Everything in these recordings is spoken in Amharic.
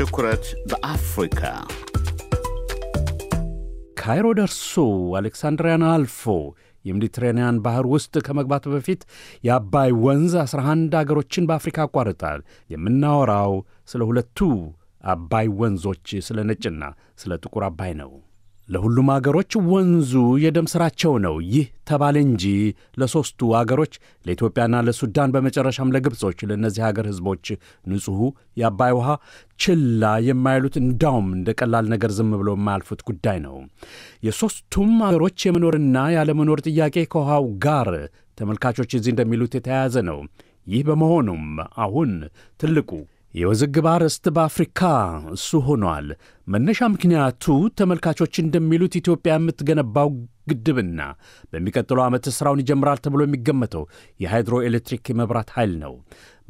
ትኩረት በአፍሪካ ካይሮ ደርሶ አሌክሳንድሪያን አልፎ የሜዲትራኒያን ባህር ውስጥ ከመግባት በፊት የአባይ ወንዝ 11 አገሮችን በአፍሪካ ያቋርጣል። የምናወራው ስለ ሁለቱ አባይ ወንዞች ስለ ነጭና ስለ ጥቁር አባይ ነው። ለሁሉም አገሮች ወንዙ የደም ሥራቸው ነው። ይህ ተባለ እንጂ ለሦስቱ አገሮች ለኢትዮጵያና ለሱዳን በመጨረሻም ለግብጾች ለእነዚህ አገር ሕዝቦች ንጹሑ የአባይ ውሃ ችላ የማይሉት እንዳውም እንደ ቀላል ነገር ዝም ብሎ የማያልፉት ጉዳይ ነው። የሦስቱም አገሮች የመኖርና ያለመኖር ጥያቄ ከውሃው ጋር ተመልካቾች እዚህ እንደሚሉት የተያያዘ ነው። ይህ በመሆኑም አሁን ትልቁ የውዝግብ አርዕስት በአፍሪካ እሱ ሆኗል። መነሻ ምክንያቱ ተመልካቾች እንደሚሉት ኢትዮጵያ የምትገነባው ግድብና በሚቀጥለው ዓመት ሥራውን ይጀምራል ተብሎ የሚገመተው የሃይድሮ ኤሌክትሪክ የመብራት ኃይል ነው።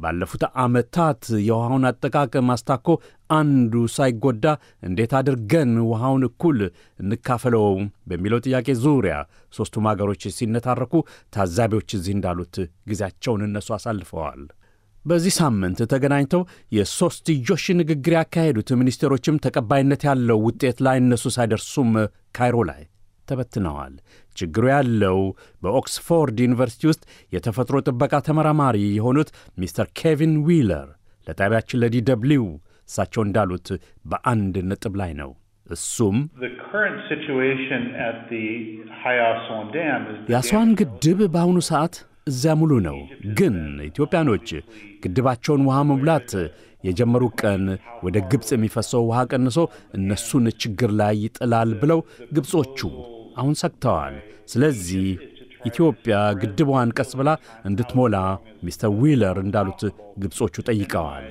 ባለፉት ዓመታት የውሃውን አጠቃቀም አስታኮ አንዱ ሳይጎዳ እንዴት አድርገን ውሃውን እኩል እንካፈለው በሚለው ጥያቄ ዙሪያ ሦስቱም አገሮች ሲነታረኩ ታዛቢዎች እዚህ እንዳሉት ጊዜያቸውን እነሱ አሳልፈዋል። በዚህ ሳምንት ተገናኝተው የሶስትዮሽ ንግግር ያካሄዱት ሚኒስቴሮችም ተቀባይነት ያለው ውጤት ላይ እነሱ ሳይደርሱም ካይሮ ላይ ተበትነዋል። ችግሩ ያለው በኦክስፎርድ ዩኒቨርሲቲ ውስጥ የተፈጥሮ ጥበቃ ተመራማሪ የሆኑት ሚስተር ኬቪን ዊለር ለጣቢያችን ለዲ ደብልዩ እሳቸው እንዳሉት በአንድ ነጥብ ላይ ነው። እሱም የአስዋን ግድብ በአሁኑ ሰዓት እዚያ ሙሉ ነው። ግን ኢትዮጵያኖች ግድባቸውን ውሃ መሙላት የጀመሩ ቀን ወደ ግብፅ የሚፈሰው ውሃ ቀንሶ እነሱን ችግር ላይ ይጥላል ብለው ግብጾቹ አሁን ሰግተዋል። ስለዚህ ኢትዮጵያ ግድቧን ቀስ ብላ እንድትሞላ ሚስተር ዊለር እንዳሉት ግብጾቹ ጠይቀዋል።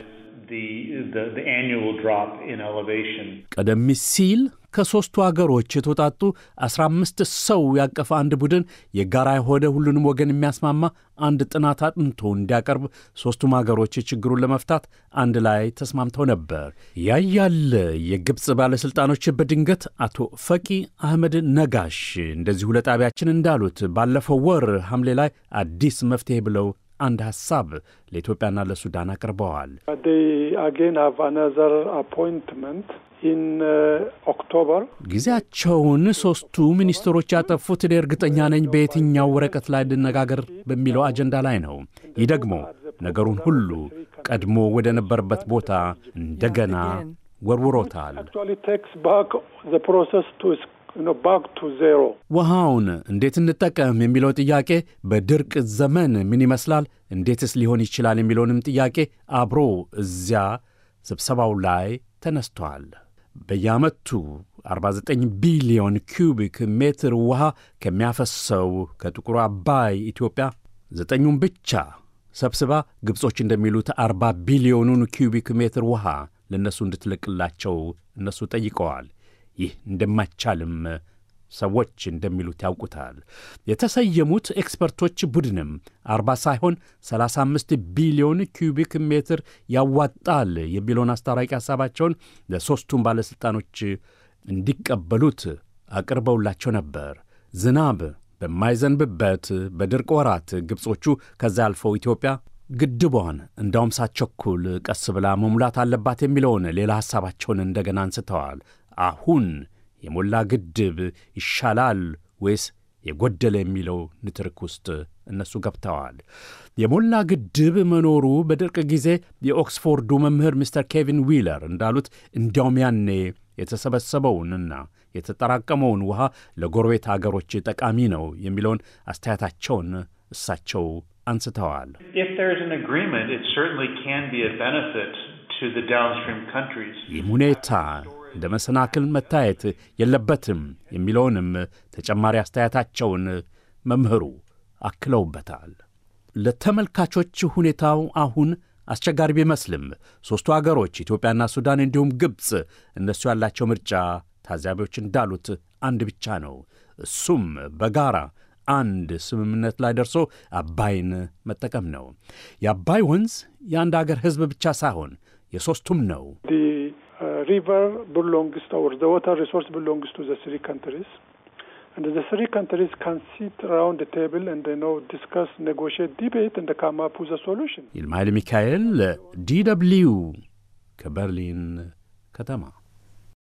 ቀደም ሲል ከሦስቱ አገሮች የተውጣጡ 15 ሰው ያቀፈ አንድ ቡድን የጋራ የሆነ ሁሉንም ወገን የሚያስማማ አንድ ጥናት አጥንቶ እንዲያቀርብ ሦስቱም አገሮች ችግሩን ለመፍታት አንድ ላይ ተስማምተው ነበር። ያያለ የግብፅ ባለሥልጣኖች በድንገት አቶ ፈቂ አህመድ ነጋሽ እንደዚሁ ለጣቢያችን እንዳሉት ባለፈው ወር ሐምሌ ላይ አዲስ መፍትሔ ብለው አንድ ሀሳብ ለኢትዮጵያና ለሱዳን አቅርበዋል። uh, ጊዜያቸውን ሶስቱ ሚኒስትሮች ያጠፉት እኔ እርግጠኛ ነኝ በየትኛው ወረቀት ላይ ልነጋገር በሚለው አጀንዳ ላይ ነው። ይህ ደግሞ ነገሩን ሁሉ ቀድሞ ወደ ነበረበት ቦታ እንደገና ወርውሮታል። ባክ ቱ ዜሮ ውሃውን እንዴት እንጠቀም የሚለው ጥያቄ በድርቅ ዘመን ምን ይመስላል፣ እንዴትስ ሊሆን ይችላል የሚለውንም ጥያቄ አብሮ እዚያ ስብሰባው ላይ ተነስቷል። በየዓመቱ 49 ቢሊዮን ኪዩቢክ ሜትር ውሃ ከሚያፈሰው ከጥቁሩ አባይ ኢትዮጵያ ዘጠኙን ብቻ ሰብስባ ግብጾች እንደሚሉት 40 ቢሊዮኑን ኪዩቢክ ሜትር ውሃ ለእነሱ እንድትለቅላቸው እነሱ ጠይቀዋል። ይህ እንደማይቻልም ሰዎች እንደሚሉት ያውቁታል። የተሰየሙት ኤክስፐርቶች ቡድንም አርባ ሳይሆን 35 ቢሊዮን ኪዩቢክ ሜትር ያዋጣል የሚለውን አስታራቂ ሐሳባቸውን ለሦስቱም ባለሥልጣኖች እንዲቀበሉት አቅርበውላቸው ነበር። ዝናብ በማይዘንብበት በድርቅ ወራት ግብጾቹ ከዛ አልፈው ኢትዮጵያ ግድቧን እንዳውም ሳቸኩል ቀስ ብላ መሙላት አለባት የሚለውን ሌላ ሐሳባቸውን እንደገና አንስተዋል። አሁን የሞላ ግድብ ይሻላል ወይስ የጎደለ የሚለው ንትርክ ውስጥ እነሱ ገብተዋል። የሞላ ግድብ መኖሩ በድርቅ ጊዜ የኦክስፎርዱ መምህር ሚስተር ኬቪን ዊለር እንዳሉት እንዲያውም ያኔ የተሰበሰበውንና የተጠራቀመውን ውሃ ለጎረቤት አገሮች ጠቃሚ ነው የሚለውን አስተያየታቸውን እሳቸው አንስተዋል። ይህም ሁኔታ እንደ መሰናክል መታየት የለበትም የሚለውንም ተጨማሪ አስተያየታቸውን መምህሩ አክለውበታል። ለተመልካቾች ሁኔታው አሁን አስቸጋሪ ቢመስልም ሦስቱ አገሮች ኢትዮጵያና ሱዳን እንዲሁም ግብፅ እነሱ ያላቸው ምርጫ ታዛቢዎች እንዳሉት አንድ ብቻ ነው። እሱም በጋራ አንድ ስምምነት ላይ ደርሶ አባይን መጠቀም ነው። የአባይ ወንዝ የአንድ አገር ሕዝብ ብቻ ሳይሆን የሦስቱም ነው። river belongs to or the water resource belongs to the three countries. And the three countries can sit around the table and they know discuss, negotiate, debate, and come up with a solution. ይልማይል ሚካኤል DW, Berlin, ከበርሊን